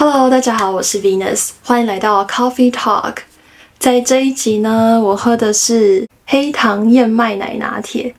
Hello，大家好，我是 Venus，歡迎來到 Coffee Talk。在這一集呢，我喝的是黑糖燕麥奶拿鐵。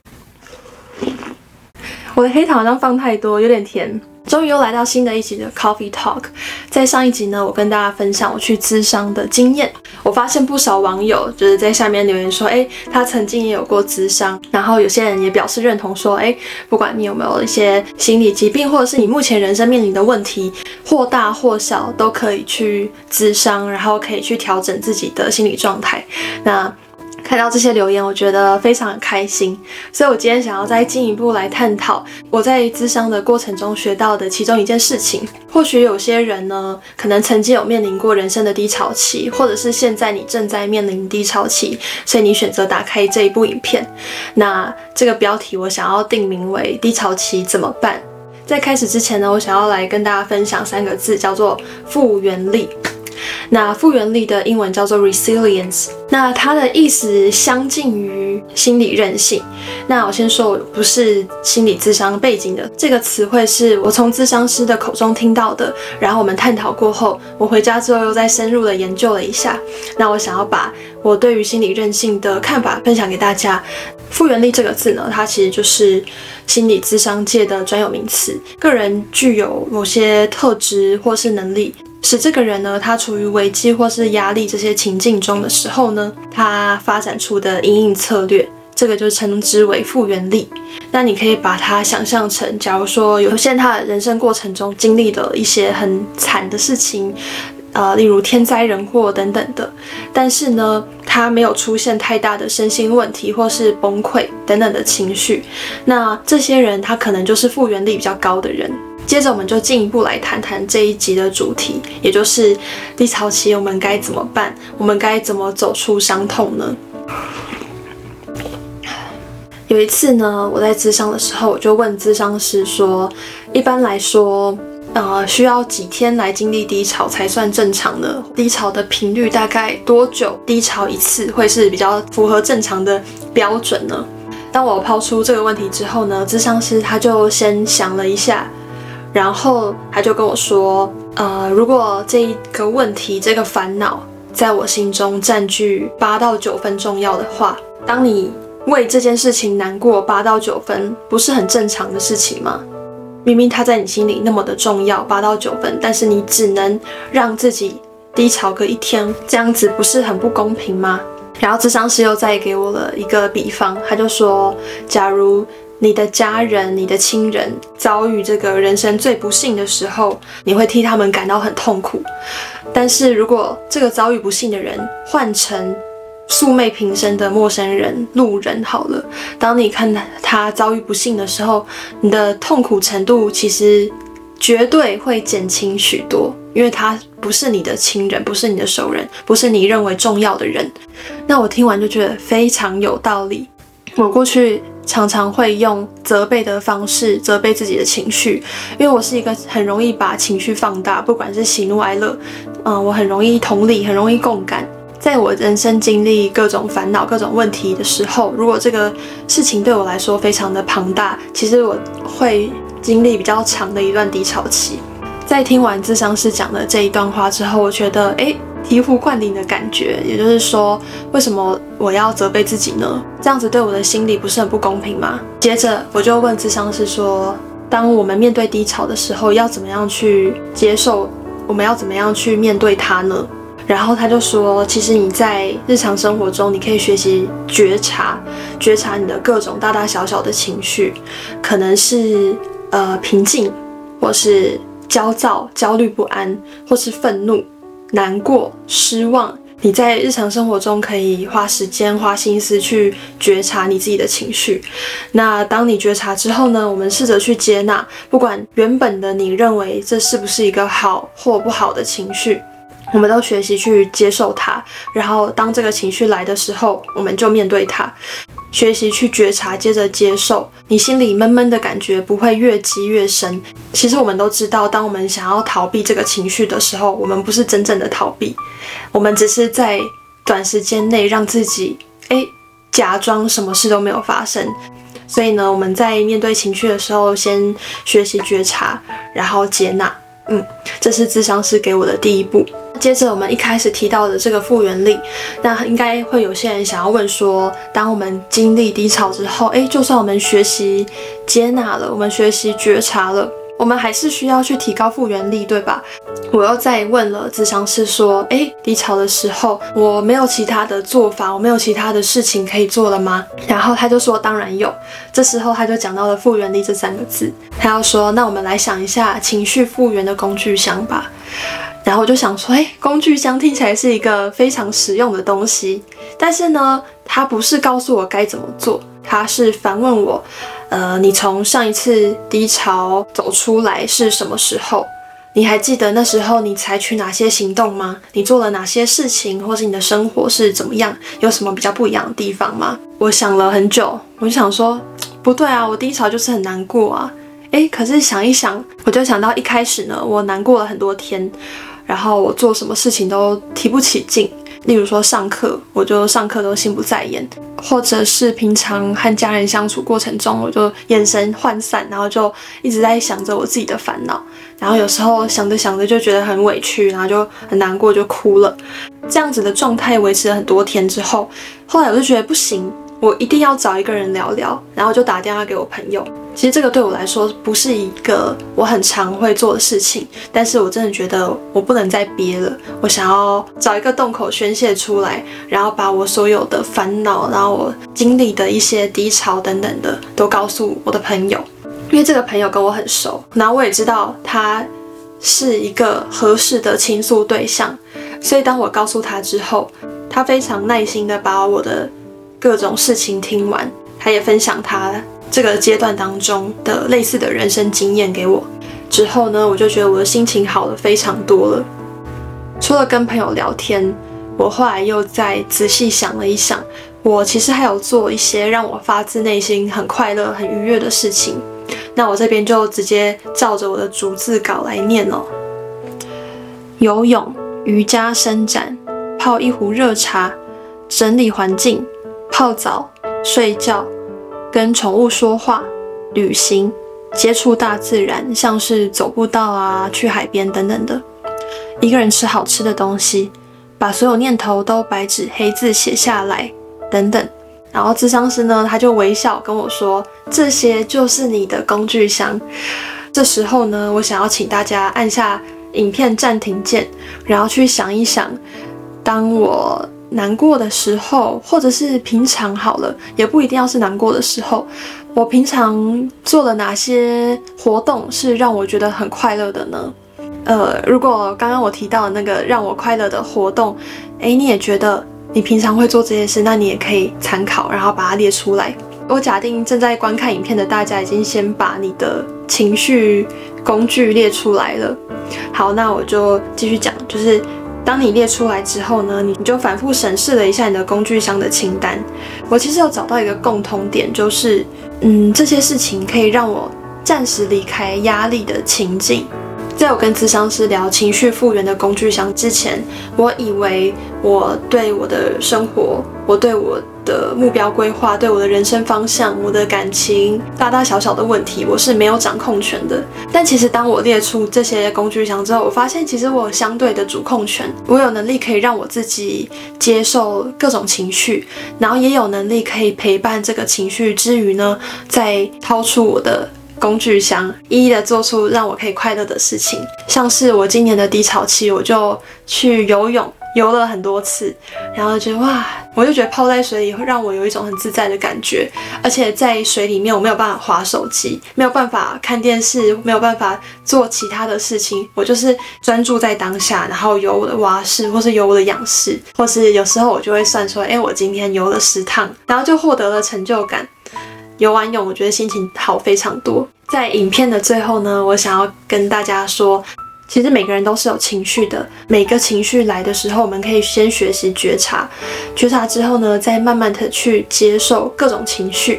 我的黑糖好像放太多，有點甜。終於又來到新的一集的 Coffee Talk。在上一集呢，我跟大家分享我去諮商的經驗。我發現不少網友就是在下面留言說：“哎、欸，他曾經也有過諮商。”然後有些人也表示認同說：“哎、欸，不管你有沒有一些心理疾病，或者是你目前人生面臨的問題，或大或小，都可以去諮商，然後可以去調整自己的心理狀態。”那。看到這些留言，我覺得非常開心。所以，我今天想要再進一步來探討我在諮商的過程中學到的其中一件事情。或許有些人呢，可能曾經有面臨過人生的低潮期，或者是現在你正在面臨低潮期，所以你選擇打開這一部影片。那這個標題我想要定名為《低潮期怎麼辦》。在開始之前呢，我想要來跟大家分享三個字，叫做復原力。那復原力的英文叫做 resilience，那它的意思相近於心理韌性。那我先說，我不是心理諮商背景的，這個詞彙是我從諮商師的口中聽到的。然後我們探討過後，我回家之後又再深入的研究了一下。那我想要把我對於心理韌性的看法分享給大家。復原力這個字呢，它其實就是心理諮商界的專有名詞，個人具有某些特質或是能力，使這個人呢，他處於危機或是壓力這些情境中的時候呢，他發展出的因應策略，這個就稱之為復原力。那你可以把它想象成，假如說有些現他人生過程中經歷了一些很慘的事情，呃，例如天災人禍等等的，但是呢，他沒有出現太大的身心問題或是崩潰等等的情緒，那這些人他可能就是復原力比較高的人。接着我們就進一步來談談這一集的主題，也就是低潮期我們該怎麼辦？我們該怎麼走出傷痛呢？有一次呢，我在諮商的時候，我就問諮商師說：“一般來說，呃，需要幾天來經歷低潮才算正常呢？低潮的頻率大概多久？低潮一次會是比較符合正常的標準呢？”當我拋出這個問題之後呢，諮商師他就先想了一下。然後他就跟我說，呃，如果這一個問題、這個煩惱在我心中占據八到九分重要的話，當你為這件事情難過八到九分，不是很正常的事情嗎？明明他在你心裡那麼的重要，八到九分，但是你只能讓自己低潮個一天，這樣子不是很不公平嗎？然後諮商師又再給我了一個比方，他就說，假如。你的家人、你的親人遭遇這個人生最不幸的時候，你會替他們感到很痛苦。但是如果這個遭遇不幸的人換成素昧平生的陌生人、路人，好了，當你看他遭遇不幸的時候，你的痛苦程度其實絕對會減輕許多，因為他不是你的親人，不是你的熟人，不是你認為重要的人。那我聽完就覺得非常有道理。我過去。常常會用責備的方式責備自己的情緒，因為我是一個很容易把情緒放大，不管是喜怒哀樂，嗯，我很容易同理，很容易共感。在我人生經歷各種煩惱、各種問題的時候，如果這個事情對我來說非常的龐大，其實我會經歷比較長的一段低潮期。在聽完諮商師講的這一段話之後，我覺得，哎。醍醐灌頂的感覺，也就是說，為什麼我要責備自己呢？這樣子對我的心理不是很不公平嗎？接着我就問諮商師說，當我們面對低潮的時候，要怎麼樣去接受？我們要怎麼樣去面對它呢？然後他就說，其實你在日常生活中，你可以學習覺察，覺察你的各種大大小小的情緒，可能是，呃，平靜，或是焦躁、焦慮不安，或是憤怒。難過、失望，你在日常生活中可以花時間、花心思去覺察你自己的情緒。那當你覺察之後呢？我們試着去接納，不管原本的你認為這是不是一個好或不好的情緒，我們都學習去接受它。然後，當這個情緒來的時候，我們就面對它。學習去覺察，接着接受你心裡悶悶的感覺，不會越積越深。其實我們都知道，當我們想要逃避這個情緒的時候，我們不是真正的逃避，我們只是在短時間內讓自己哎假裝什麼事都沒有發生。所以呢，我們在面對情緒的時候，先學習覺察，然後接納。嗯，這是諮商師給我的第一步。接着我們一開始提到的這個復原力，那應該會有些人想要問說，當我們經歷低潮之後，誒，就算我們學習接納了，我們學習覺察了，我們還是需要去提高復原力，對吧？我又再問了，諮商師說，誒，低潮的時候我沒有其他的做法，我沒有其他的事情可以做了嗎？然後他就說，當然有。這時候他就講到了復原力這三個字，他要說，那我們來想一下情緒復原的工具箱吧。然後我就想說，誒，工具箱聽起來是一個非常實用的東西，但是呢，它不是告訴我該怎麼做，它是反問我，呃，你從上一次低潮走出來是什麼時候？你還記得那時候你採取哪些行動嗎？你做了哪些事情，或是你的生活是怎麼樣？有什麼比較不一樣的地方嗎？我想了很久，我就想說，不對啊，我低潮就是很難過啊，誒，可是想一想，我就想到一開始呢，我難過了很多天。然後我做什麼事情都提不起勁，例如說上課，我就上課都心不在焉，或者是平常和家人相處過程中，我就眼神渙散，然後就一直在想着我自己的煩惱，然後有時候想着想着就覺得很委屈，然後就很難過，就哭了。這樣子的狀態維持了很多天之後，後來我就覺得不行。我一定要找一個人聊聊，然後就打電話給我朋友。其實這個對我來說不是一個我很常會做的事情，但是我真的覺得我不能再憋了，我想要找一個洞口宣洩出來，然後把我所有的煩惱，然後我經歷的一些低潮等等的，都告訴我的朋友，因為這個朋友跟我很熟，然後我也知道他是一個合適的傾訴對象，所以當我告訴他之後，他非常耐心地把我的，各種事情聽完，他也分享他這個階段當中的類似的人生經驗給我。之後呢，我就覺得我的心情好了非常多了。除了跟朋友聊天，我後來又再仔細想了一想，我其實還有做一些讓我發自內心很快樂、很愉悅的事情。那我這邊就直接照着我的逐字稿來念了哦：游泳、瑜伽伸展、泡一壺熱茶、整理環境。泡澡、睡覺、跟寵物說話、旅行、接觸大自然，像是走步道啊、去海邊等等的；一個人吃好吃的東西，把所有念頭都白紙黑字寫下來等等。然後諮商師呢，他就微笑跟我說：“這些就是你的工具箱。”這時候呢，我想要請大家按下影片暫停鍵，然後去想一想，當我難過的時候，或者是平常好了，也不一定要是難過的時候。我平常做了哪些活動是讓我覺得很快樂的呢？呃，如果剛剛我提到的那個讓我快樂的活動，誒，你也覺得你平常會做這件事，那你也可以參考，然後把它列出來。我假定正在觀看影片的大家已經先把你的情緒工具列出來了。好，那我就繼續講，就是。當你列出來之後呢，你你就反覆審視了一下你的工具箱的清單。我其實有找到一個共通點，就是，嗯，這些事情可以讓我暫時離開壓力的情境。在我跟諮商師聊情緒復原的工具箱之前，我以為我對我的生活。我對我的目標規劃、對我的人生方向、我的感情、大大小小的問題，我是沒有掌控權的。但其實，當我列出這些工具箱之後，我發現其實我有相對的主控權，我有能力可以讓我自己接受各種情緒，然後也有能力可以陪伴這個情緒之餘呢，再掏出我的工具箱，一一的做出讓我可以快樂的事情。像是我今年的低潮期，我就去游泳，游了很多次，然後就哇。我就覺得泡在水裡會讓我有一種很自在的感覺，而且在水裡面我沒有辦法滑手機，沒有辦法看電視，沒有辦法做其他的事情，我就是專注在當下，然後游我的蛙式，或是游我的仰式，或是有時候我就會算說，誒，我今天游了十趟，然後就獲得了成就感。游完泳，我覺得心情好非常多。在影片的最後呢，我想要跟大家說。其實每個人都是有情緒的，每個情緒來的時候，我們可以先學習覺察，覺察之後呢，再慢慢的去接受各種情緒，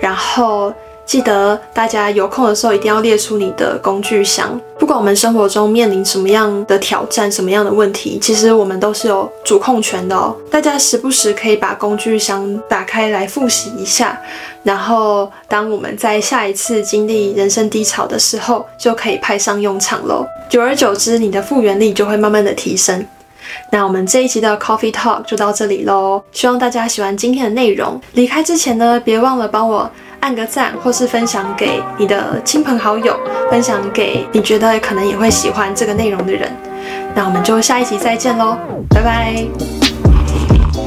然後。記得大家有空的時候一定要列出你的工具箱。不管我們生活中面臨什麼樣的挑戰、什麼樣的問題，其實我們都是有主控權的哦。大家時不時可以把工具箱打開來複習一下，然後當我們在下一次經歷人生低潮的時候，就可以派上用場嘍。久而久之，你的復原力就會慢慢的提升。那我們這一集的 Coffee Talk 就到這裡嘍，希望大家喜歡今天的內容。離開之前呢，別忘了幫我。按個讚，或是分享給你的親朋好友，分享給你覺得可能也會喜歡這個內容的人。那我們就下一集再見嘍，拜拜。